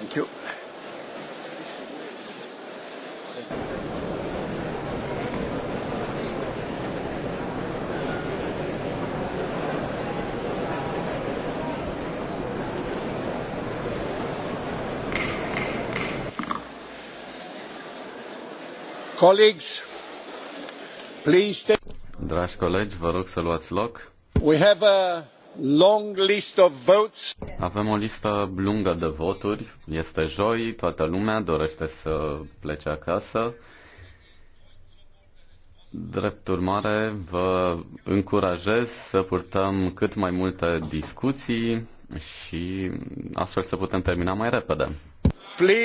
Thank you. Colleagues, please. Dragi colegi, vă rog să luați loc. We have a avem o listă lungă de voturi. Este joi, toată lumea dorește să plece acasă. Drept urmare, vă încurajez să purtăm cât mai multe discuții și astfel să putem termina mai repede. Please.